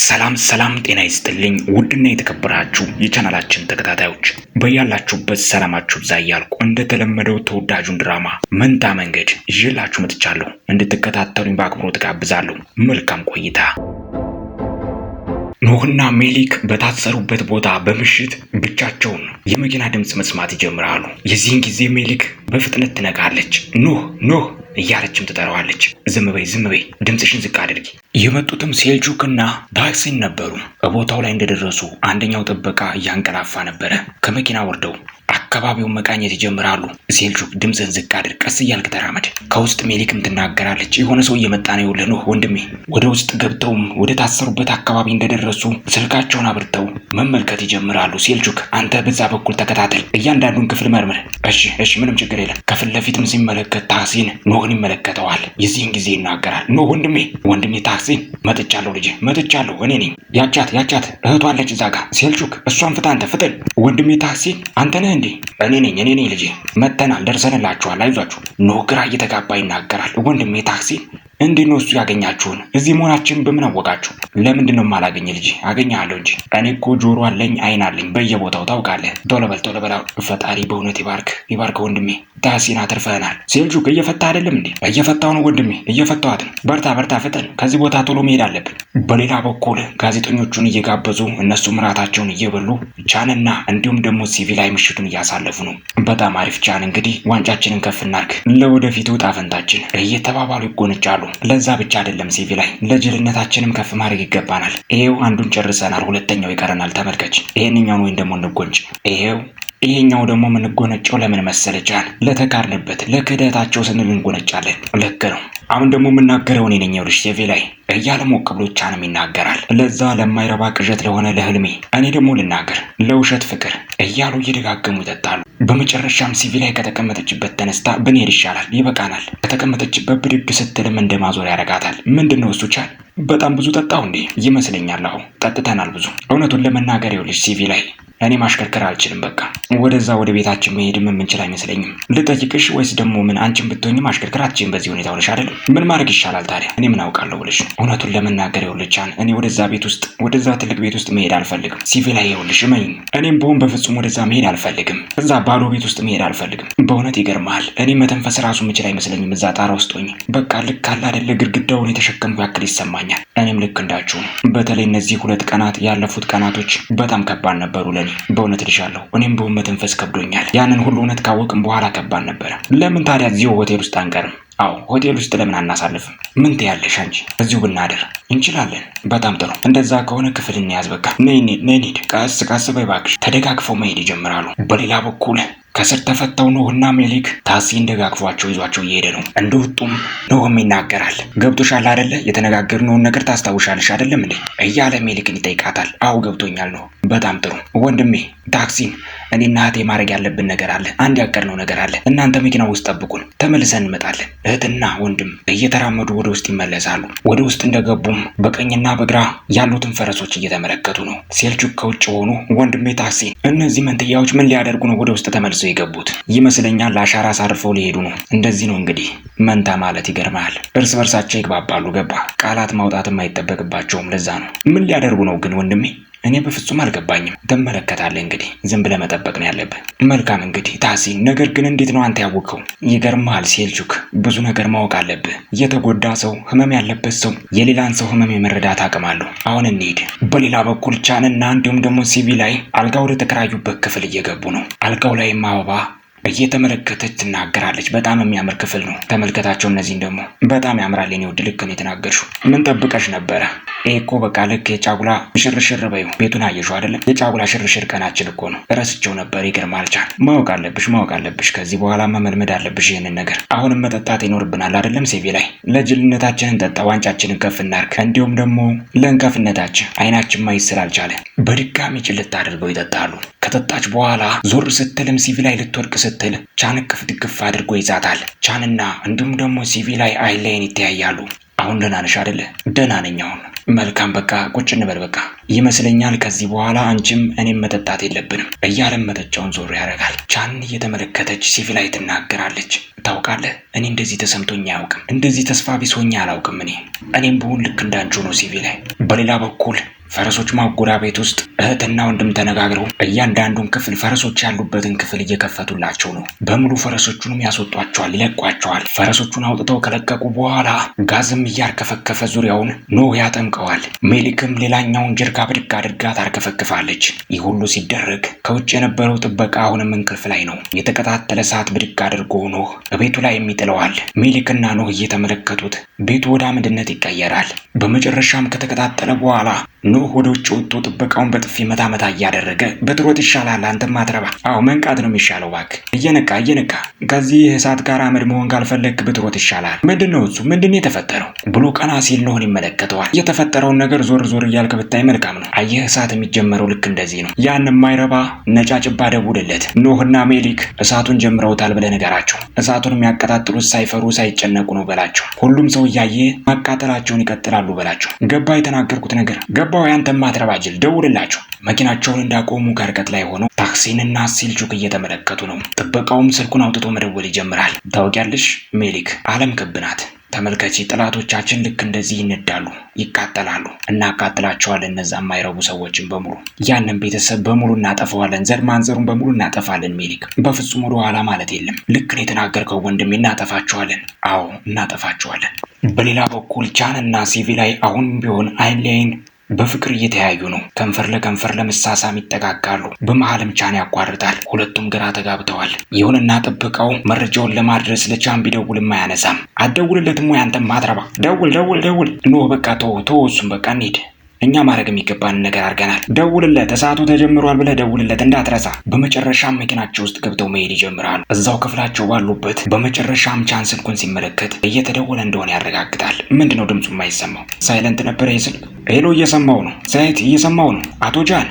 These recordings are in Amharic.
ሰላም ሰላም፣ ጤና ይስጥልኝ ውድና የተከበራችሁ የቻናላችን ተከታታዮች በያላችሁበት ሰላማችሁ ብዛ እያልኩ እንደተለመደው ተወዳጁን ድራማ መንታ መንገድ ይዤላችሁ መጥቻለሁ። እንድትከታተሉኝ በአክብሮት ጋብዛለሁ። መልካም ቆይታ። ኖህና ሜሊክ በታሰሩበት ቦታ በምሽት ብቻቸውን የመኪና ድምፅ መስማት ይጀምራሉ። የዚህን ጊዜ ሜሊክ በፍጥነት ትነቃለች። ኖህ ኖህ እያለችም ትጠራዋለች። ዝም በይ ዝም በይ፣ ድምፅሽን ዝቅ አድርጊ። የመጡትም ሴልጁክና ዳክሲን ነበሩ። በቦታው ላይ እንደደረሱ አንደኛው ጥበቃ እያንቀላፋ ነበረ። ከመኪና ወርደው አካባቢውን መቃኘት ይጀምራሉ። ሴልጁክ ድምፅህን ዝቅ አድር፣ ቀስ እያልክ ተራመድ። ከውስጥ ሜሊክም ትናገራለች። የሆነ ሰው እየመጣ ነው። የውለ ኖህ ወንድሜ። ወደ ውስጥ ገብተውም ወደ ታሰሩበት አካባቢ እንደደረሱ ስልካቸውን አብርተው መመልከት ይጀምራሉ። ሴልጁክ አንተ በዛ በኩል ተከታተል፣ እያንዳንዱን ክፍል መርምር። እሺ እሺ፣ ምንም ችግር የለም። ከፊት ለፊትም ሲመለከት ታክሲን ኖህን ይመለከተዋል። የዚህን ጊዜ ይናገራል። ኖህ ወንድሜ፣ ወንድሜ ታክሲን መጥቻለሁ፣ ልጄ መጥቻለሁ። እኔ ነኝ። ያቻት ያቻት እህቷለች እዛ ሴልጁክ እሷን ፍታ፣ አንተ ፍጠን። ወንድሜ ታክሲን አንተ ነህ እንዴ? እኔ ነኝ እኔ ነኝ ልጄ፣ መተናል፣ ደርሰንላችኋል፣ አይዟችሁ። ኖህ ግራ እየተጋባ ይናገራል። ወንድሜ ታክሲ እንዴት ነው እሱ ያገኛችሁን? እዚህ መሆናችን በምን አወቃችሁ? ለምንድን ነው የማላገኝ ልጅ? አገኘሃለሁ እንጂ እኔ እኮ ጆሮ አለኝ፣ አይን አለኝ፣ በየቦታው ታውቃለህ። ቶለበል ቶለበል፣ ፈጣሪ በእውነት ይባርክ ይባርከ ወንድሜ። ዳሲን አትርፈህናል። ሴልጁክ እየፈታ አይደለም እንዴ? እየፈታው ነው ወንድሜ፣ እየፈታዋት ነው። በርታ በርታ፣ ፍጠን። ከዚህ ቦታ ቶሎ መሄድ አለብን። በሌላ በኩል ጋዜጠኞቹን እየጋበዙ እነሱ ምራታቸውን እየበሉ ቻንና እንዲሁም ደግሞ ሲቪላይ ምሽቱን እያሳለፉ ነው። በጣም አሪፍ ቻን። እንግዲህ ዋንጫችንን ከፍ እናርግ፣ ለወደፊቱ ዕጣ እየተባባሉ ይጎነጫሉ። ለዛ ብቻ አይደለም ሲቪ ላይ ለጅልነታችንም ከፍ ማድረግ ይገባናል። ይሄው አንዱን ጨርሰናል፣ ሁለተኛው ይቀረናል። ተመልከች፣ ይሄንኛውን ወይም ደግሞ እንጎንጭ። ይሄው ይሄኛው ደግሞ የምንጎነጨው ለምን መሰለቻል? ለተካርንበት ለክህደታቸው ስንል እንጎነጫለን። ልክ ነው። አሁን ደግሞ የምናገረው እኔ ነኝ። ይኸውልሽ ሴፌ ላይ እያለ ሞቅ ብሎ ቻንም ይናገራል። ለዛ ለማይረባ ቅዠት ለሆነ ለህልሜ እኔ ደግሞ ልናገር ለውሸት ፍቅር እያሉ እየደጋገሙ ይጠጣሉ። በመጨረሻም ሲቪ ላይ ከተቀመጠችበት ተነስታ ብንሄድ ይሻላል፣ ይበቃናል። ከተቀመጠችበት ብድግ ስትልም እንደ ማዞር ያደርጋታል። ምንድን ነው እሱ ቻል? በጣም ብዙ ጠጣሁ እንዴ? ይመስለኛል። አዎ ጠጥተናል ብዙ። እውነቱን ለመናገር ይኸውልሽ ሲቪ ላይ እኔ ማሽከርከር አልችልም። በቃ ወደዛ ወደ ቤታችን መሄድም የምንችል አይመስለኝም። ልጠይቅሽ ወይስ ደግሞ ምን? አንቺን ብትሆኝ ማሽከርከር አትችልም በዚህ ሁኔታ ሆነሽ አይደል? ምን ማድረግ ይሻላል ታዲያ? እኔ ምን አውቃለሁ ብለሽ ነው። እውነቱን ለመናገር ይኸውልቻን፣ እኔ ወደዛ ቤት ውስጥ ወደዛ ትልቅ ቤት ውስጥ መሄድ አልፈልግም። ሲቪላይ ይኸውልሽ፣ መኝ እኔም በሆን በፍጹም ወደዛ መሄድ አልፈልግም። እዛ ባዶ ቤት ውስጥ መሄድ አልፈልግም። በእውነት ይገርመሃል፣ እኔ መተንፈስ ራሱ የምችል አይመስለኝም። እዛ ጣራ ውስጥ ሆኜ በቃ ልክ አለ አይደለ፣ ግድግዳውን የተሸከምኩ ያክል ይሰማኛል። እኔም ልክ እንዳችሁ ነው። በተለይ እነዚህ ሁለት ቀናት ያለፉት ቀናቶች በጣም ከባድ ነበሩ ለኔ። በእውነት ልሻለሁ፣ እኔም በውን መተንፈስ ከብዶኛል። ያንን ሁሉ እውነት ካወቅም በኋላ ከባድ ነበረ። ለምን ታዲያ እዚሁ ሆቴል ውስጥ አንቀርም? አዎ ሆቴል ውስጥ ለምን አናሳልፍም? ምን ትያለሽ አንቺ? እዚሁ ብናደር እንችላለን። በጣም ጥሩ። እንደዛ ከሆነ ክፍል እንያዝ። በቃ ነይ ቀስ ቀስ በይ እባክሽ። ተደጋግፈው መሄድ ይጀምራሉ። በሌላ በኩል ከስር ተፈተው ኖህና ሜሊክ ታሲን ደጋግፏቸው ይዟቸው እየሄደ ነው። እንደወጡም ኖህም ይናገራል። ገብቶሻል አደለ? የተነጋገርነውን ነገር ታስታውሻለሽ አደለም እንዴ? እያለ ሜሊክን ይጠይቃታል። አዎ ገብቶኛል ነው። በጣም ጥሩ ወንድሜ ታክሲን፣ እኔና እህቴ ማድረግ ያለብን ነገር አለ። አንድ ያቀድነው ነገር አለ። እናንተ መኪና ውስጥ ጠብቁን፣ ተመልሰን እንመጣለን። እህትና ወንድም እየተራመዱ ወደ ውስጥ ይመለሳሉ። ወደ ውስጥ እንደገቡም በቀኝና በግራ ያሉትን ፈረሶች እየተመለከቱ ነው። ሴልቹክ ከውጭ ሆኑ። ወንድሜ ታክሲን፣ እነዚህ መንትያዎች ምን ሊያደርጉ ነው ወደ ውስጥ ተመልሰ የገቡት ይመስለኛል። አሻራ አሳርፈው ሊሄዱ ነው። እንደዚህ ነው እንግዲህ መንታ ማለት ይገርማል። እርስ በርሳቸው ይግባባሉ። ገባ ቃላት ማውጣት የማይጠበቅባቸውም ለዛ ነው። ምን ሊያደርጉ ነው ግን ወንድሜ? እኔ በፍጹም አልገባኝም። ትመለከታለህ እንግዲህ፣ ዝም ብለህ መጠበቅ ነው ያለብህ። መልካም እንግዲህ ታሲ፣ ነገር ግን እንዴት ነው አንተ ያወቅኸው? ይገርምሃል ሴልቹክ፣ ብዙ ነገር ማወቅ አለብህ። የተጎዳ ሰው፣ ህመም ያለበት ሰው የሌላን ሰው ህመም የመረዳት አቅም አለው። አሁን እንሂድ። በሌላ በኩል ቻንና እንዲሁም ደግሞ ሲቪ ላይ አልጋ ወደ ተከራዩበት ክፍል እየገቡ ነው። አልጋው ላይም አበባ እየተመለከተች ትናገራለች። በጣም የሚያምር ክፍል ነው። ተመልከታቸው። እነዚህን ደግሞ በጣም ያምራል። የኔ ውድ ልክ ነው የተናገርሽው። ምን ጠብቀሽ ነበረ? ይሄ እኮ በቃ ልክ የጫጉላ ሽርሽር በዩ ቤቱን አየሽው አይደለም? የጫጉላ ሽርሽር ቀናችን እኮ ነው። እረስቸው ነበር። ይገርም አልቻል። ማወቅ አለብሽ፣ ማወቅ አለብሽ። ከዚህ በኋላ መመልመድ አለብሽ ይህንን ነገር። አሁንም መጠጣት ይኖርብናል አይደለም? ሴቪ ላይ ለጅልነታችንን ጠጣ፣ ዋንጫችንን ከፍ እናርግ። እንዲሁም ደግሞ ለእንከፍነታችን አይናችን ማየት ስላልቻለ በድጋሚ ጭልት አድርገው ይጠጣሉ። ከጠጣች በኋላ ዞር ስትልም ሲቪ ላይ ልትወድቅ ስትል ቻን እቅፍ ድግፍ አድርጎ ይዛታል። ቻንና እንዲሁም ደግሞ ሲቪ ላይ አይን ላይን ይተያያሉ። አሁን ደህና ነሽ አይደለ? ደህና ነኝ። አሁን መልካም፣ በቃ ቁጭ እንበል። በቃ ይመስለኛል ከዚህ በኋላ አንቺም እኔም መጠጣት የለብንም እያለም መጠጫውን ዞር ያደርጋል። ቻን እየተመለከተች ሲቪ ላይ ትናገራለች። ታውቃለህ፣ እኔ እንደዚህ ተሰምቶኝ አያውቅም። እንደዚህ ተስፋ ቢስ ሆኜ አላውቅም። እኔ እኔም ብሆን ልክ እንዳንቺ ነው ሲቪ ላይ። በሌላ በኩል ፈረሶች ማጎሪያ ቤት ውስጥ እህትና ወንድም ተነጋግረው እያንዳንዱን ክፍል ፈረሶች ያሉበትን ክፍል እየከፈቱላቸው ነው። በሙሉ ፈረሶቹንም ያስወጧቸዋል፣ ይለቋቸዋል። ፈረሶቹን አውጥተው ከለቀቁ በኋላ ጋዝም እያርከፈከፈ ዙሪያውን ኖህ ያጠምቀዋል። ሜሊክም ሌላኛውን ጀርካ ብድግ አድርጋ ታርከፈክፋለች። ይህ ሁሉ ሲደረግ ከውጭ የነበረው ጥበቃ አሁንም እንቅልፍ ላይ ነው። የተቀጣጠለ ሰዓት ብድግ አድርጎ ኖህ ቤቱ ላይ የሚጥለዋል። ሜሊክና ኖህ እየተመለከቱት ቤቱ ወደ አመድነት ይቀየራል። በመጨረሻም ከተቀጣጠለ በኋላ ኖ ወዲያውኑ ወደ ውጭ ወጥቶ ጥበቃውን በጥፊ መታ መታ እያደረገ በትሮት ይሻላል አንተም አትረባ። አዎ መንቃት ነው የሚሻለው። እባክህ እየነቃ እየነቃ ከዚህ እሳት ጋር አመድ መሆን ካልፈለግ ብትሮት ይሻላል። ምንድን ነው እሱ ምንድን የተፈጠረው ብሎ ቀና ሲል ነሆን ይመለከተዋል። የተፈጠረውን ነገር ዞር ዞር እያልክ ብታይ መልካም ነው። አየህ እሳት የሚጀመረው ልክ እንደዚህ ነው። ያን የማይረባ ነጫጭባ ደውልለት። ኖህና ሜሊክ እሳቱን ጀምረውታል ብለህ ንገራቸው። እሳቱን የሚያቀጣጥሉት ሳይፈሩ ሳይጨነቁ ነው በላቸው። ሁሉም ሰው እያየ ማቃጠላቸውን ይቀጥላሉ በላቸው። ገባ የተናገርኩት ነገር ገባው አንተ ማትረባ ጅል ደውልላቸው። መኪናቸውን እንዳቆሙ ከርቀት ላይ ሆነው ታክሲንና ሲልቹክ እየተመለከቱ ነው። ጥበቃውም ስልኩን አውጥቶ መደወል ይጀምራል። ታውቂያለሽ ሜሊክ፣ አለም ክብ ናት። ተመልከቺ፣ ጥላቶቻችን ልክ እንደዚህ ይነዳሉ፣ ይቃጠላሉ። እናቃጥላቸዋለን እነዛ የማይረቡ ሰዎችን በሙሉ፣ ያንን ቤተሰብ በሙሉ እናጠፋዋለን። ዘር ማንዘሩን በሙሉ እናጠፋለን። ሜሊክ፣ በፍጹም ወደ ኋላ ማለት የለም። ልክ ነው የተናገርከው ወንድሜ፣ እናጠፋቸዋለን። አዎ እናጠፋቸዋለን። በሌላ በኩል ቻን እና ሲቪ ላይ አሁን ቢሆን አይን ለአይን በፍቅር እየተያዩ ነው። ከንፈር ለከንፈር ለመሳሳም ይጠጋጋሉ። በመሀልም ቻን ያቋርጣል። ሁለቱም ግራ ተጋብተዋል። ይሁንና ጥበቃው መረጃውን ለማድረስ ለቻን ቢደውልም አያነሳም። አደውልለትም ወይ አንተም ማትረባ? ደውል ደውል ደውል። ኖ በቃ ተወው ተወው፣ እሱም በቃ እንሂድ እኛ ማድረግ የሚገባን ነገር አድርገናል። ደውልለት፣ እሳቱ ተጀምሯል ብለህ ደውልለት እንዳትረሳ። በመጨረሻም መኪናቸው ውስጥ ገብተው መሄድ ይጀምራሉ። እዛው ክፍላቸው ባሉበት በመጨረሻም ቻን ስልኩን ሲመለከት እየተደወለ እንደሆነ ያረጋግጣል። ምንድነው ድምፁ የማይሰማው? ሳይለንት ነበረ የስልክ ሄሎ፣ እየሰማው ነው ሳይት፣ እየሰማው ነው አቶ ጃን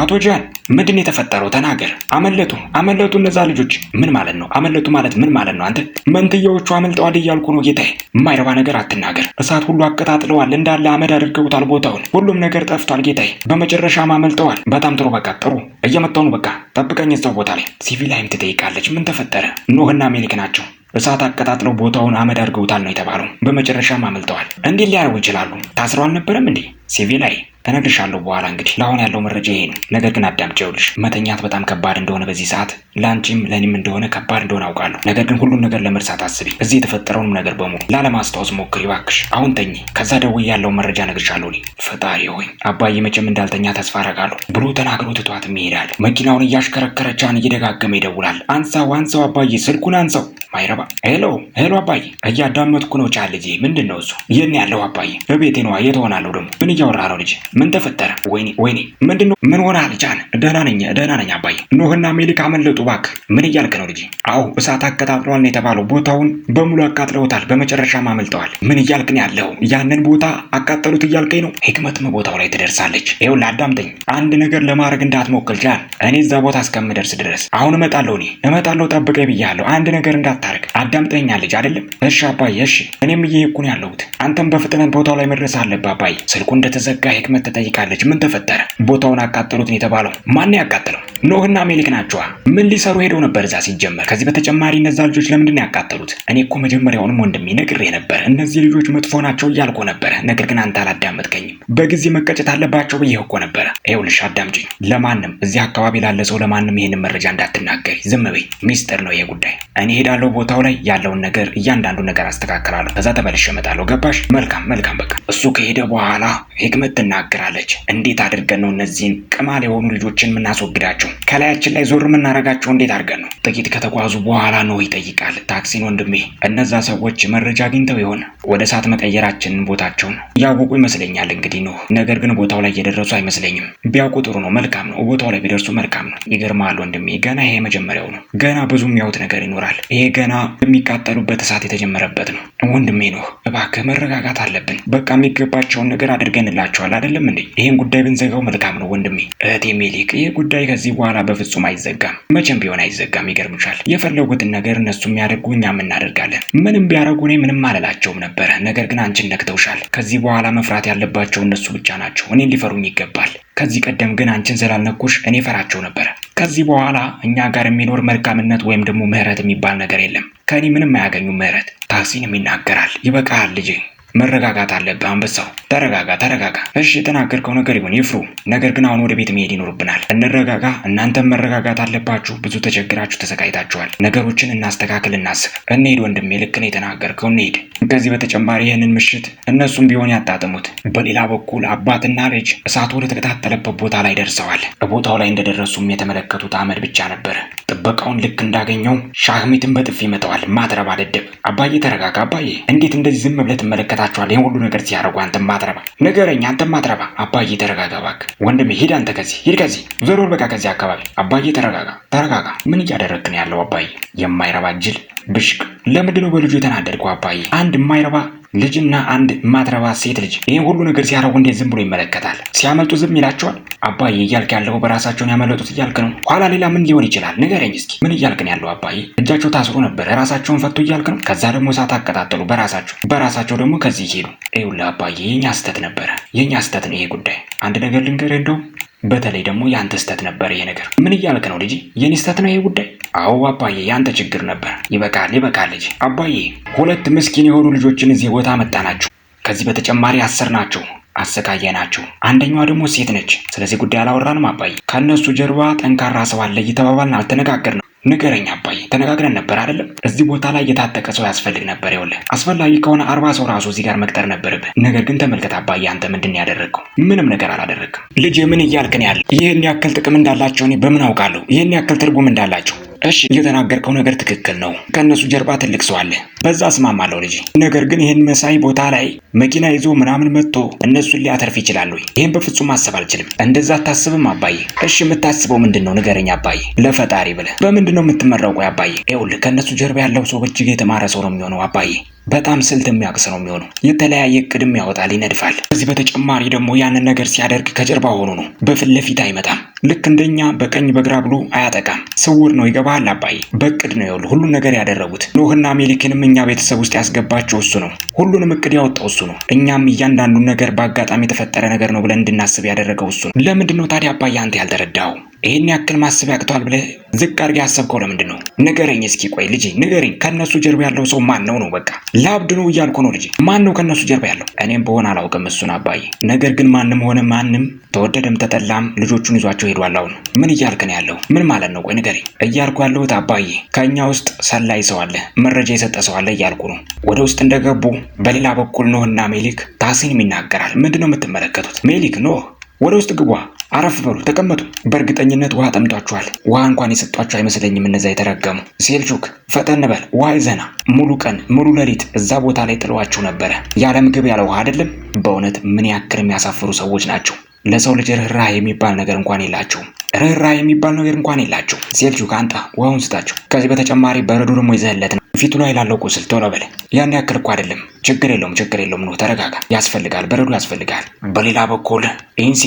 አቶ ጃን ምንድን የተፈጠረው ተናገር። አመለጡ አመለጡ እነዛ ልጆች። ምን ማለት ነው አመለጡ ማለት ምን ማለት ነው? አንተ መንትያዎቹ አመልጠዋል እያልኩ ነው ጌታዬ። የማይረባ ነገር አትናገር። እሳት ሁሉ አቀጣጥለዋል፣ እንዳለ አመድ አድርገውታል ቦታውን። ሁሉም ነገር ጠፍቷል ጌታዬ። በመጨረሻም አመልጠዋል። በጣም ጥሩ በቃ ጥሩ። እየመጣሁ ነው በቃ ጠብቀኝ እዛው ቦታ ላይ። ሲቪላይም ትጠይቃለች። ምን ተፈጠረ? ኖህና ሜሊክ ናቸው እሳት አቀጣጥለው ቦታውን አመድ አድርገውታል ነው የተባለው። በመጨረሻም አመልጠዋል። እንዴት ሊያደርጉ ይችላሉ? ታስረው አልነበረም እንዴ ሲቪላይ እነግርሻለሁ በኋላ እንግዲህ ለአሁን ያለው መረጃ ይሄ ነው። ነገር ግን አዳምጪ፣ መተኛት በጣም ከባድ እንደሆነ በዚህ ሰዓት ለአንቺም ለእኔም እንደሆነ ከባድ እንደሆነ አውቃለሁ። ነገር ግን ሁሉን ነገር ለመርሳት አስቢ። እዚህ የተፈጠረውንም ነገር በሙሉ ላለማስታወስ ሞክሪ እባክሽ። አሁን ተኝ፣ ከዛ ደውዬ ያለውን መረጃ እነግርሻለሁ። ፈጣሪ ሆይ አባዬ መቼም እንዳልተኛ ተስፋ አደርጋለሁ ብሎ ተናግሮ ትቷትም ይሄዳል። መኪናውን እያሽከረከረቻን እየደጋገመ ይደውላል። አንሳው፣ አንሳው አባዬ፣ ስልኩን አንሳው ማይረባ ሄሎ ሄሎ፣ አባዬ እያዳመጥኩ ነው። ጫ ልጄ፣ ምንድን ነው እሱ? የት ያለው አባዬ? እቤቴ ነዋ። የት ሆናለሁ ደግሞ? ምን እያወራ ነው ምን ተፈጠረ? ወይኔ ወይኔ፣ ምንድን ነው? ምን ሆናል? ጫን፣ ደህና ነኝ ደህና ነኝ አባዬ። ኖህና ሜሊክ አመለጡ። እባክህ ምን እያልክ ነው ልጅ አዎ እሳት አቀጣጥሏል ነው የተባለው። ቦታውን በሙሉ አቃጥለውታል። በመጨረሻም አመልጠዋል። ምን እያልክ ነው ያለው? ያንን ቦታ አቃጠሉት እያልከኝ ነው? ህክመትም ቦታው ላይ ትደርሳለች። ይኸውልህ አዳምጠኝ፣ አንድ ነገር ለማድረግ እንዳትሞክል ጫን። እኔ እዛ ቦታ እስከምደርስ ድረስ አሁን እመጣለሁ። እኔ እመጣለሁ፣ ጠብቀኝ ብያለሁ። አንድ ነገር እንዳት አታርግ። አዳምጠኛ ልጅ አይደለም? እሺ አባዬ፣ እሺ እኔም እየሄድኩ ነው ያለሁት። አንተም በፍጥነት ቦታው ላይ መድረስ አለብህ አባዬ። ስልኩ እንደተዘጋ ህክመት ትጠይቃለች። ምን ተፈጠረ? ቦታውን አቃጠሉት የተባለው። ማን ያቃጠለው? ኖህና ሜሊክ ናቸዋ። ምን ሊሰሩ ሄደው ነበር እዛ ሲጀመር? ከዚህ በተጨማሪ እነዛ ልጆች ለምንድን ነው ያቃጠሉት? እኔ እኮ መጀመሪያውንም ወንድሜ ነግሬህ ነበር፣ እነዚህ ልጆች መጥፎ ናቸው እያልኩ ነበረ። ነገር ግን አንተ አላዳመጥከኝም። በጊዜ መቀጨት አለባቸው ብዬህ እኮ ነበረ። ይኸውልሽ አዳምጪኝ። ለማንም እዚህ አካባቢ ላለ ሰው ለማንም ይሄንን መረጃ እንዳትናገሪ፣ ዝም በይ። ሚስጥር ነው ይሄ ጉዳይ። እኔ ሄዳለሁ፣ ቦታው ላይ ያለውን ነገር እያንዳንዱ ነገር አስተካክላለሁ። ከዛ ተመልሼ እመጣለሁ። ገባሽ? መልካም መልካም። በቃ እሱ ከሄደ በኋላ ህክመት ትናገራለች። እንዴት አድርገን ነው እነዚህን ቅማል የሆኑ ልጆችን የምናስወግዳቸው? ከላያችን ላይ ዞር የምናደርጋቸው እንዴት አድርገን ነው? ጥቂት ከተጓዙ በኋላ ነው ይጠይቃል ታክሲን። ወንድሜ እነዛ ሰዎች መረጃ አግኝተው ይሆን ወደ መቀየራችን መቀየራችንን ቦታቸውን ያወቁ ይመስለኛል። እንግዲህ ነው ነገር ግን ቦታው ላይ እየደረሱ አይመስለኝም። ቢያውቁ ጥሩ ነው፣ መልካም ነው። ቦታው ላይ ቢደርሱ መልካም ነው። ይገርማል ወንድሜ፣ ገና ይሄ መጀመሪያው ነው። ገና ብዙ የሚያዩት ነገር ይኖራል። ይሄ ገና የሚቃጠሉበት እሳት የተጀመረበት ነው። ወንድሜ ነው፣ እባክህ መረጋጋት አለብን። በቃ የሚገባቸውን ነገር አድርገንላቸዋል አይደለም እንዴ? ይህን ጉዳይ ብንዘጋው መልካም ነው ወንድሜ። እህቴ ሜሊክ፣ ይህ ጉዳይ ከዚህ በኋላ በፍጹም አይዘጋም፣ መቼም ቢሆን አይዘጋም። ይገርምሻል፣ የፈለጉትን ነገር እነሱ የሚያደርጉ እኛም እናደርጋለን። ምንም ቢያደርጉ እኔ ምንም አልላቸውም ነበረ። ነገር ግን አንቺን ነክተውሻል። ከዚህ በኋላ መፍራት ያለባቸው እነሱ ብቻ ናቸው። እኔን ሊፈሩኝ ይገባል። ከዚህ ቀደም ግን አንቺን ስላልነኩሽ እኔ ፈራቸው ነበረ። ከዚህ በኋላ እኛ ጋር የሚኖር መልካምነት ወይም ደግሞ ምህረት የሚባል ነገር የለም። ከእኔ ምንም አያገኙም ምህረት። ታክሲንም ይናገራል። ይበቃል ልጄ መረጋጋት አለብህ አንበሳው። ተረጋጋ ተረጋጋ። እሺ የተናገርከው ነገር ይሁን ይፍሩ፣ ነገር ግን አሁን ወደ ቤት መሄድ ይኖርብናል። እንረጋጋ፣ እናንተም መረጋጋት አለባችሁ። ብዙ ተቸግራችሁ ተሰቃይታችኋል። ነገሮችን እናስተካክል፣ እናስብ፣ እንሄድ። ወንድሜ ልክ ነው የተናገርከው፣ እንሄድ። ከዚህ በተጨማሪ ይህንን ምሽት እነሱም ቢሆን ያጣጥሙት። በሌላ በኩል አባትና ልጅ እሳቱ ወደተቀጣጠለበት ቦታ ላይ ደርሰዋል። ቦታው ላይ እንደደረሱም የተመለከቱት አመድ ብቻ ነበር። ጥበቃውን ልክ እንዳገኘው ሻህሚትን በጥፊ ይመታዋል። ማትረባ ደደብ! አባዬ ተረጋጋ አባዬ። እንዴት እንደዚህ ዝም ብለህ ትመለከታለህ? ይመታችኋል። ይህን ሁሉ ነገር ሲያደርጉ አንተ ማትረባ ንገረኝ፣ አንተ ማትረባ። አባዬ ተረጋጋ እባክህ ወንድሜ፣ ሂድ አንተ ከዚህ ሂድ፣ ከዚህ ዞር በቃ ከዚህ አካባቢ። አባዬ ተረጋጋ፣ ተረጋጋ። ምን እያደረግህ ነው ያለው አባዬ? የማይረባ ጅል ብሽቅ። ለምንድን በልጁ የተናደድከው አባዬ? አንድ የማይረባ ልጅና አንድ ማትረባ ሴት ልጅ ይህን ሁሉ ነገር ሲያረጉ እንዴት ዝም ብሎ ይመለከታል? ሲያመልጡ ዝም ይላቸዋል? አባዬ እያልክ ያለው በራሳቸውን ያመለጡት እያልክ ነው? ኋላ ሌላ ምን ሊሆን ይችላል? ንገረኝ እስኪ ምን እያልክ ነው ያለው? አባዬ እጃቸው ታስሮ ነበር ራሳቸውን ፈቱ እያልክ ነው? ከዛ ደግሞ እሳት አቀጣጠሉ በራሳቸው በራሳቸው ደግሞ ከዚህ ሄዱ። ይኸውልህ አባዬ የኛ ስህተት ነበረ የኛ ስህተት ነው ይሄ ጉዳይ አንድ ነገር ልንገር እንደው በተለይ ደግሞ የአንተ ስህተት ነበር ይሄ ነገር። ምን እያልክ ነው ልጅ? የኔ ስህተት ነው ይሄ ጉዳይ? አዎ አባዬ፣ የአንተ ችግር ነበር። ይበቃል፣ ይበቃል ልጅ። አባዬ፣ ሁለት ምስኪን የሆኑ ልጆችን እዚህ ቦታ መጣናችሁ። ከዚህ በተጨማሪ አስር ናቸው አሰቃየ ናቸው። አንደኛዋ ደግሞ ሴት ነች። ስለዚህ ጉዳይ አላወራንም አባዬ። ከእነሱ ጀርባ ጠንካራ ሰው አለ እየተባባልን አልተነጋገርንም። ንገረኝ አባዬ፣ ተነጋግረን ነበር አይደለም? እዚህ ቦታ ላይ የታጠቀ ሰው ያስፈልግ ነበር። ይኸውልህ አስፈላጊ ከሆነ አርባ ሰው ራሱ እዚህ ጋር መቅጠር ነበረብህ። ነገር ግን ተመልከት አባዬ፣ አንተ ምንድን ያደረግከው? ምንም ነገር አላደረግም ልጄ፣ ምን እያልክ ነው ያለ? ይህን ያክል ጥቅም እንዳላቸው እኔ በምን አውቃለሁ? ይህን ያክል ትርጉም እንዳላቸው እሺ እየተናገርከው ነገር ትክክል ነው። ከእነሱ ጀርባ ትልቅ ሰው አለ። በዛ እስማማለሁ ልጅ። ነገር ግን ይህን መሳይ ቦታ ላይ መኪና ይዞ ምናምን መጥቶ እነሱን ሊያተርፍ ይችላሉ። ይህን በፍጹም ማሰብ አልችልም። እንደዛ አታስብም አባዬ? እሺ የምታስበው ምንድን ነው ንገረኝ አባዬ፣ ለፈጣሪ ብለህ በምንድን ነው የምትመራው? ቆይ አባዬ፣ ይኸውልህ ከእነሱ ጀርባ ያለው ሰው በእጅግ የተማረ ሰው ነው የሚሆነው አባዬ በጣም ስልት የሚያቅስ ነው የሚሆነው። የተለያየ እቅድም ያወጣል፣ ይነድፋል። ከዚህ በተጨማሪ ደግሞ ያንን ነገር ሲያደርግ ከጀርባ ሆኖ ነው፣ በፊት ለፊት አይመጣም። ልክ እንደኛ በቀኝ በግራ ብሎ አያጠቃም። ስውር ነው፣ ይገባል ገባህል አባዬ? በእቅድ ነው ይኸውልህ ሁሉን ነገር ያደረጉት። ኖህና ሜሊክንም እኛ ቤተሰብ ውስጥ ያስገባቸው እሱ ነው። ሁሉንም እቅድ ያወጣው እሱ ነው። እኛም እያንዳንዱን ነገር በአጋጣሚ የተፈጠረ ነገር ነው ብለን እንድናስብ ያደረገው እሱ ነው። ለምንድን ነው ታዲያ አባይ አንተ ያልተረዳኸው? ይህን ያክል ማሰብ ያቅተዋል ብለህ ዝቅ አድርገህ ያሰብከው ለምንድን ነው? ንገረኝ እስኪ ቆይ ልጄ ንገረኝ። ከእነሱ ጀርባ ያለው ሰው ማን ነው ነው? በቃ ለአብድ ነው እያልኩ ነው ልጄ። ማን ነው ከእነሱ ጀርባ ያለው? እኔም በሆነ አላውቅም እሱን አባዬ። ነገር ግን ማንም ሆነ ማንም ተወደደም ተጠላም ልጆቹን ይዟቸው ሄዷል። አሁን ምን እያልክ ነው ያለው? ምን ማለት ነው? ቆይ ንገረኝ እያልኩ ያለሁት አባዬ፣ ከእኛ ውስጥ ሰላይ ሰው አለ፣ መረጃ የሰጠ ሰው አለ እያልኩ ነው። ወደ ውስጥ እንደገቡ በሌላ በኩል ኖህና ሜሊክ ታሲንም ይናገራል። ምንድን ነው የምትመለከቱት? ሜሊክ ኖህ ወደ ውስጥ ግቧ አረፍ በሉ ተቀመጡ። በእርግጠኝነት ውሃ ጠምቷችኋል። ውሃ እንኳን የሰጧችሁ አይመስለኝም እነዛ የተረገሙ። ሴልቹክ ፈጠን በል ውሃ ይዘና። ሙሉ ቀን ሙሉ ሌሊት እዛ ቦታ ላይ ጥለዋችሁ ነበረ፣ ያለ ምግብ ያለ ውሃ አይደለም። በእውነት ምን ያክል የሚያሳፍሩ ሰዎች ናቸው። ለሰው ልጅ ርኅራህ የሚባል ነገር እንኳን የላቸውም። ርኅራህ የሚባል ነገር እንኳን የላቸው። ሴልቹክ አንጣ ውሃውን ስጣቸው። ከዚህ በተጨማሪ በረዶ ደግሞ ይዘህለት ነው ፊቱ ላይ ላለው ቁስል ቶሎ በል። ያን ያክል እኮ አይደለም። ችግር የለውም ችግር የለውም ነው። ተረጋጋ። ያስፈልጋል፣ በረዶ ያስፈልጋል። በሌላ በኩል ኢንሴ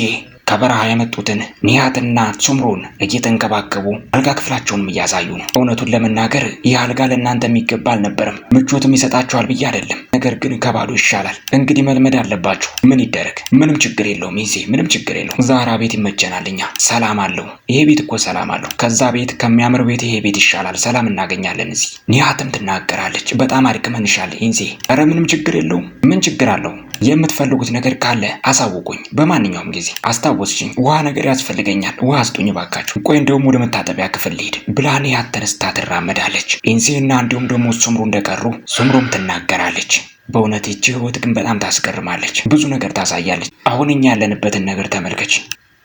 ከበረሃ የመጡትን ኒያትና ሱምሩን እየተንከባከቡ አልጋ ክፍላቸውንም እያሳዩ ነው። እውነቱን ለመናገር ይህ አልጋ ለእናንተ የሚገባ አልነበረም። ምቾትም ይሰጣቸዋል ብዬ አይደለም ነገር ግን ከባዶ ይሻላል። እንግዲህ መልመድ አለባችሁ። ምን ይደረግ? ምንም ችግር የለውም። ይዜ ምንም ችግር የለውም። ዛራ ቤት ይመቸናል። እኛ ሰላም አለው። ይሄ ቤት እኮ ሰላም አለው። ከዛ ቤት ከሚያምር ቤት ይሄ ቤት ይሻላል። ሰላም እናገኛለን እዚህ። ኒሃትም ትናገራለች። በጣም አድክመንሻል ይዜ። ኧረ ምንም ችግር የለውም። ምን ችግር አለው? የምትፈልጉት ነገር ካለ አሳውቁኝ። በማንኛውም ጊዜ አስታወስችኝ። ውሃ ነገር ያስፈልገኛል። ውሃ አስጡኝ ባካችሁ። ቆይ እንደውም ወደ መታጠቢያ ክፍል ልሂድ ብላ ኒሃት ተነስታ ትራመዳለች። ኢንሴና እንዲሁም ደግሞ ሱምሩ እንደቀሩ ሱምሩም ትናገራለች። በእውነት ይቺ ህይወት ግን በጣም ታስገርማለች። ብዙ ነገር ታሳያለች። አሁን እኛ ያለንበትን ነገር ተመልከች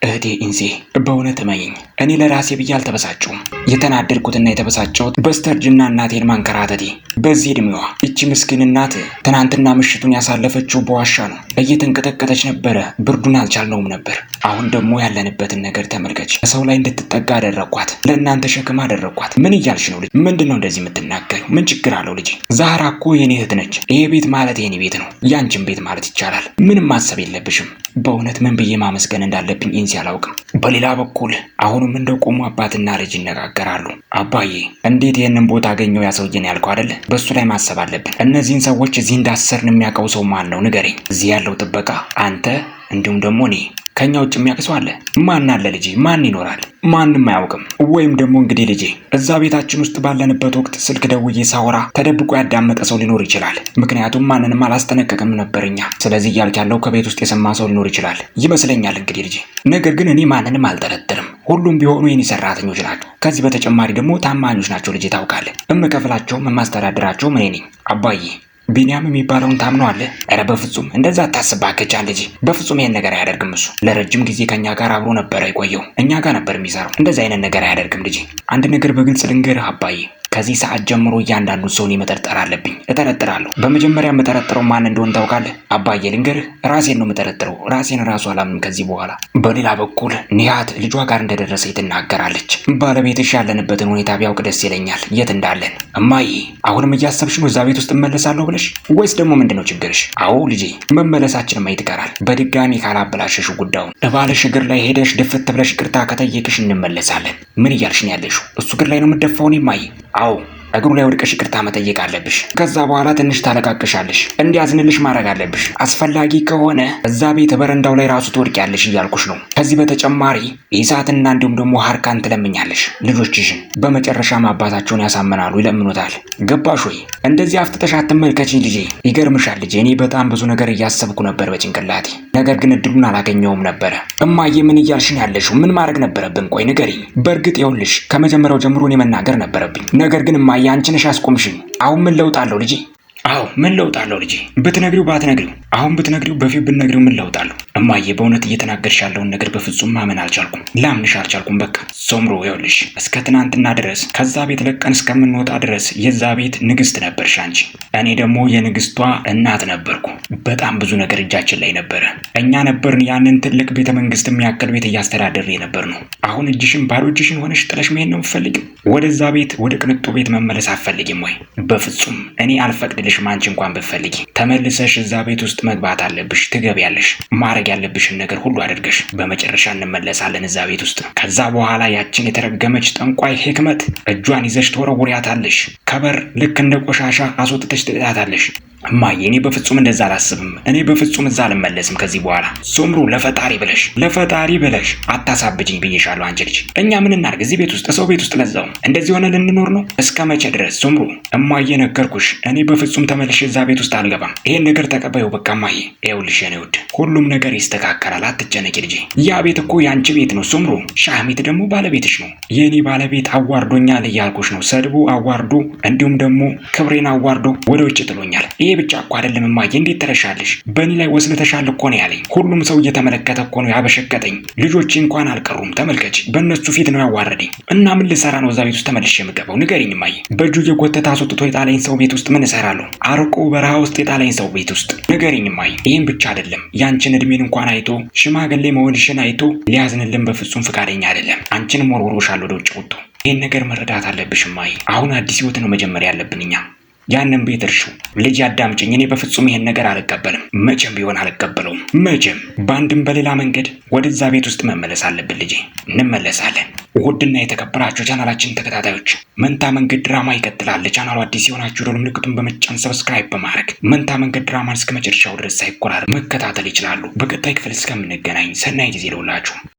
እህቴ ኢንሴ፣ በእውነት እመኝኝ፣ እኔ ለራሴ ብዬ አልተበሳጨሁም። የተናደድኩትና የተበሳጨሁት በስተርጅና እናቴን ማንከራተቴ፣ በዚህ እድሜዋ ይቺ ምስኪን እናት ትናንትና ምሽቱን ያሳለፈችው በዋሻ ነው። እየተንቀጠቀጠች ነበረ። ብርዱን አልቻልነውም ነበር። አሁን ደግሞ ያለንበትን ነገር ተመልከች። ሰው ላይ እንድትጠጋ አደረግኳት። ለእናንተ ሸክም አደረግኳት። ምን እያልሽ ነው ልጅ? ምንድን ነው እንደዚህ የምትናገሪው? ምን ችግር አለው ልጅ? ዛህራ እኮ የኔ እህት ነች። ይሄ ቤት ማለት የኔ ቤት ነው፣ ያንቺን ቤት ማለት ይቻላል። ምንም ማሰብ የለብሽም። በእውነት ምን ብዬ ማመስገን እንዳለብኝ ኢንሲ አላውቅም። በሌላ በኩል አሁንም እንደ ቆሙ አባትና ልጅ ይነጋገራሉ። አባዬ እንዴት ይህንን ቦታ አገኘው ያሰውየን ያልከው አደለ? በእሱ ላይ ማሰብ አለብን። እነዚህን ሰዎች እዚህ እንዳሰርን የሚያውቀው ሰው ማን ነው ንገረኝ። እዚህ ያለው ያለው ጥበቃ አንተ እንዲሁም ደግሞ እኔ ከኛ ውጭ የሚያቅሰው አለ? ማን አለ ልጄ? ማን ይኖራል? ማንም አያውቅም። ወይም ደግሞ እንግዲህ ልጄ እዛ ቤታችን ውስጥ ባለንበት ወቅት ስልክ ደውዬ ሳወራ ተደብቆ ያዳመጠ ሰው ሊኖር ይችላል። ምክንያቱም ማንንም አላስጠነቀቅም ነበርኛ ስለዚህ እያልክ ከቤት ውስጥ የሰማ ሰው ሊኖር ይችላል ይመስለኛል እንግዲህ ልጄ። ነገር ግን እኔ ማንንም አልጠረጥርም። ሁሉም ቢሆኑ የኔ ሰራተኞች ናቸው። ከዚህ በተጨማሪ ደግሞ ታማኞች ናቸው ልጄ። ታውቃለህ፣ እምከፍላቸውም የማስተዳድራቸውም እኔ ነኝ አባዬ ቢኒያም የሚባለውን ታምነዋለህ? ኧረ በፍጹም እንደዛ አታስብ አከቻ ልጅ። በፍጹም ይሄን ነገር አያደርግም። እሱ ለረጅም ጊዜ ከእኛ ጋር አብሮ ነበረ የቆየው። እኛ ጋር ነበር የሚሰራው። እንደዛ አይነት ነገር አያደርግም ልጅ። አንድ ነገር በግልጽ ልንገርህ አባዬ ከዚህ ሰዓት ጀምሮ እያንዳንዱ ሰውን መጠርጠር አለብኝ። እጠረጥራለሁ። በመጀመሪያ የምጠረጥረው ማን እንደሆን ታውቃለህ? አባዬ ልንገርህ፣ ራሴን ነው የምጠረጥረው። ራሴን ራሱ አላምንም ከዚህ በኋላ። በሌላ በኩል ኒሃት ልጇ ጋር እንደደረሰ ትናገራለች። ባለቤትሽ ያለንበትን ሁኔታ ቢያውቅ ደስ ይለኛል። የት እንዳለን እማዬ። አሁንም እያሰብሽ ነው እዛ ቤት ውስጥ እመለሳለሁ ብለሽ ወይስ ደግሞ ምንድን ነው ችግርሽ? አዎ ልጄ፣ መመለሳችን ማየት ይቀራል። በድጋሚ ካላበላሸሹ ጉዳዩን እባልሽ እግር ላይ ሄደሽ ድፍት ብለሽ ቅርታ ከጠየቅሽ እንመለሳለን። ምን እያልሽ ነው ያለሽው? እሱ እግር ላይ ነው የምደፋውን? እማዬ आओ እግሩ ላይ ወድቀሽ ይቅርታ መጠየቅ አለብሽ። ከዛ በኋላ ትንሽ ታለቃቅሻለሽ፣ እንዲያዝንልሽ ማድረግ አለብሽ። አስፈላጊ ከሆነ እዛ ቤት በረንዳው ላይ ራሱ ትወድቂያለሽ እያልኩሽ ነው። ከዚህ በተጨማሪ ይሳትና እንዲሁም ደግሞ ሀርካን ትለምኛለሽ። ልጆችሽን በመጨረሻም አባታቸውን ያሳምናሉ፣ ይለምኑታል። ገባሽ ወይ? እንደዚህ አፍጥጠሽ አትመልከችኝ ልጄ። ይገርምሻል ልጄ፣ እኔ በጣም ብዙ ነገር እያሰብኩ ነበር በጭንቅላቴ፣ ነገር ግን እድሉን አላገኘውም ነበረ። እማዬ ምን እያልሽን ያለሽው? ምን ማድረግ ነበረብን? ቆይ ንገሪኝ። በእርግጥ ይኸውልሽ ከመጀመሪያው ጀምሮ እኔ መናገር ነበረብኝ፣ ነገር ግን እማ ያንቺ ነሽ አሁን ምን ለውጥ አለው ልጄ? አዎ ምን ለውጥ አለው ልጄ? ብትነግሪው ባትነግሪው፣ አሁን ብትነግሪው በፊት ብትነግሪው ምን ለውጥ አለው? እማዬ፣ በእውነት እየተናገርሽ ያለውን ነገር በፍጹም ማመን አልቻልኩም፣ ላምንሽ አልቻልኩም። በቃ ሶምሮ፣ ይኸውልሽ እስከ ትናንትና ድረስ ከዛ ቤት ለቀን እስከምንወጣ ድረስ የዛ ቤት ንግስት ነበርሽ አንቺ፣ እኔ ደግሞ የንግስቷ እናት ነበርኩ። በጣም ብዙ ነገር እጃችን ላይ ነበረ። እኛ ነበርን ያንን ትልቅ ቤተ መንግስት የሚያክል ቤት እያስተዳደር የነበር ነው። አሁን እጅሽን ባዶ እጅሽን ሆነሽ ጥለሽ መሄድ ነው የምትፈልጊው? ወደዛ ቤት ወደ ቅንጡ ቤት መመለስ አትፈልጊም ወይ? በፍጹም እኔ አልፈቅድልሽም ፈልገሽ ማንች እንኳን ብትፈልጊ ተመልሰሽ እዛ ቤት ውስጥ መግባት አለብሽ። ትገቢያለሽ። ማድረግ ያለብሽን ነገር ሁሉ አድርገሽ በመጨረሻ እንመለሳለን እዛ ቤት ውስጥ። ከዛ በኋላ ያችን የተረገመች ጠንቋይ ህክመት እጇን ይዘሽ ትወረውሪያታለሽ። ከበር ልክ እንደ ቆሻሻ አስወጥተሽ ትጥላታለሽ። እማዬ እኔ በፍጹም እንደዛ አላስብም። እኔ በፍጹም እዛ አልመለስም ከዚህ በኋላ ሶምሩ ለፈጣሪ ብለሽ ለፈጣሪ ብለሽ አታሳብጅኝ ብዬሻለሁ። አንቺ ልጅ እኛ ምን እናርግ እዚህ ቤት ውስጥ ሰው ቤት ውስጥ ለዛው እንደዚህ ሆነ ልንኖር ነው እስከ መቼ ድረስ? ሶምሩ እማዬ ነገርኩሽ። እኔ በፍጹም ተመልሼ እዛ ቤት ውስጥ አልገባም። ይሄን ነገር ተቀበዩ በቃ እማዬ። ይኸውልሽ የኔ ውድ ሁሉም ነገር ይስተካከላል። አትጨነቂ ልጄ። ያ ቤት እኮ የአንቺ ቤት ነው ሶምሩ። ሻህሚት ደግሞ ባለቤትሽ ነው። የእኔ ባለቤት አዋርዶኛል እያልኩሽ ነው። ሰድቦ አዋርዶ፣ እንዲሁም ደግሞ ክብሬን አዋርዶ ወደ ውጭ ጥሎኛል። ይሄ ብቻ እኮ አይደለም እማዬ፣ እንዴት ተረሻለሽ? በእኔ ላይ ወስልተሻል እኮ ነው ያለኝ። ሁሉም ሰው እየተመለከተ እኮ ነው ያበሸቀጠኝ። ልጆቼ እንኳን አልቀሩም፣ ተመልከች። በእነሱ ፊት ነው ያዋረደኝ። እና ምን ልሰራ ነው እዛ ቤት ውስጥ ተመልሼ የምገባው? ንገሪኝ እማዬ። በእጁ እየጎተተ አስወጥቶ የጣለኝ ሰው ቤት ውስጥ ምን እሰራለሁ? አርቆ በረሃ ውስጥ የጣለኝ ሰው ቤት ውስጥ ንገሪኝ እማዬ። ይህም ብቻ አይደለም፣ ያንቺን እድሜን እንኳን አይቶ ሽማግሌ መሆንሽን አይቶ ሊያዝንልን በፍጹም ፈቃደኛ አይደለም። አንቺንም ወርውሮሻል ወደ ውጭ ወጥቶ። ይህን ነገር መረዳት አለብሽ እማዬ። አሁን አዲስ ህይወት ነው መጀመሪያ ያለብን እኛ ያንን ቤት እርሹ። ልጅ አዳምጭኝ፣ እኔ በፍጹም ይሄን ነገር አልቀበልም። መቼም ቢሆን አልቀበለውም። መቼም በአንድም በሌላ መንገድ ወደዛ ቤት ውስጥ መመለስ አለብን። ልጄ እንመለሳለን። ውድና የተከበራችሁ ቻናላችን ተከታታዮች መንታ መንገድ ድራማ ይቀጥላል። ለቻናሉ አዲስ የሆናችሁ ደወል ምልክቱን በመጫን ሰብስክራይብ በማድረግ መንታ መንገድ ድራማን እስከ መጨረሻው ድረስ ሳይቆራረጥ መከታተል ይችላሉ። በቀጣይ ክፍል እስከምንገናኝ ሰናይ ጊዜ ይለውላችሁ።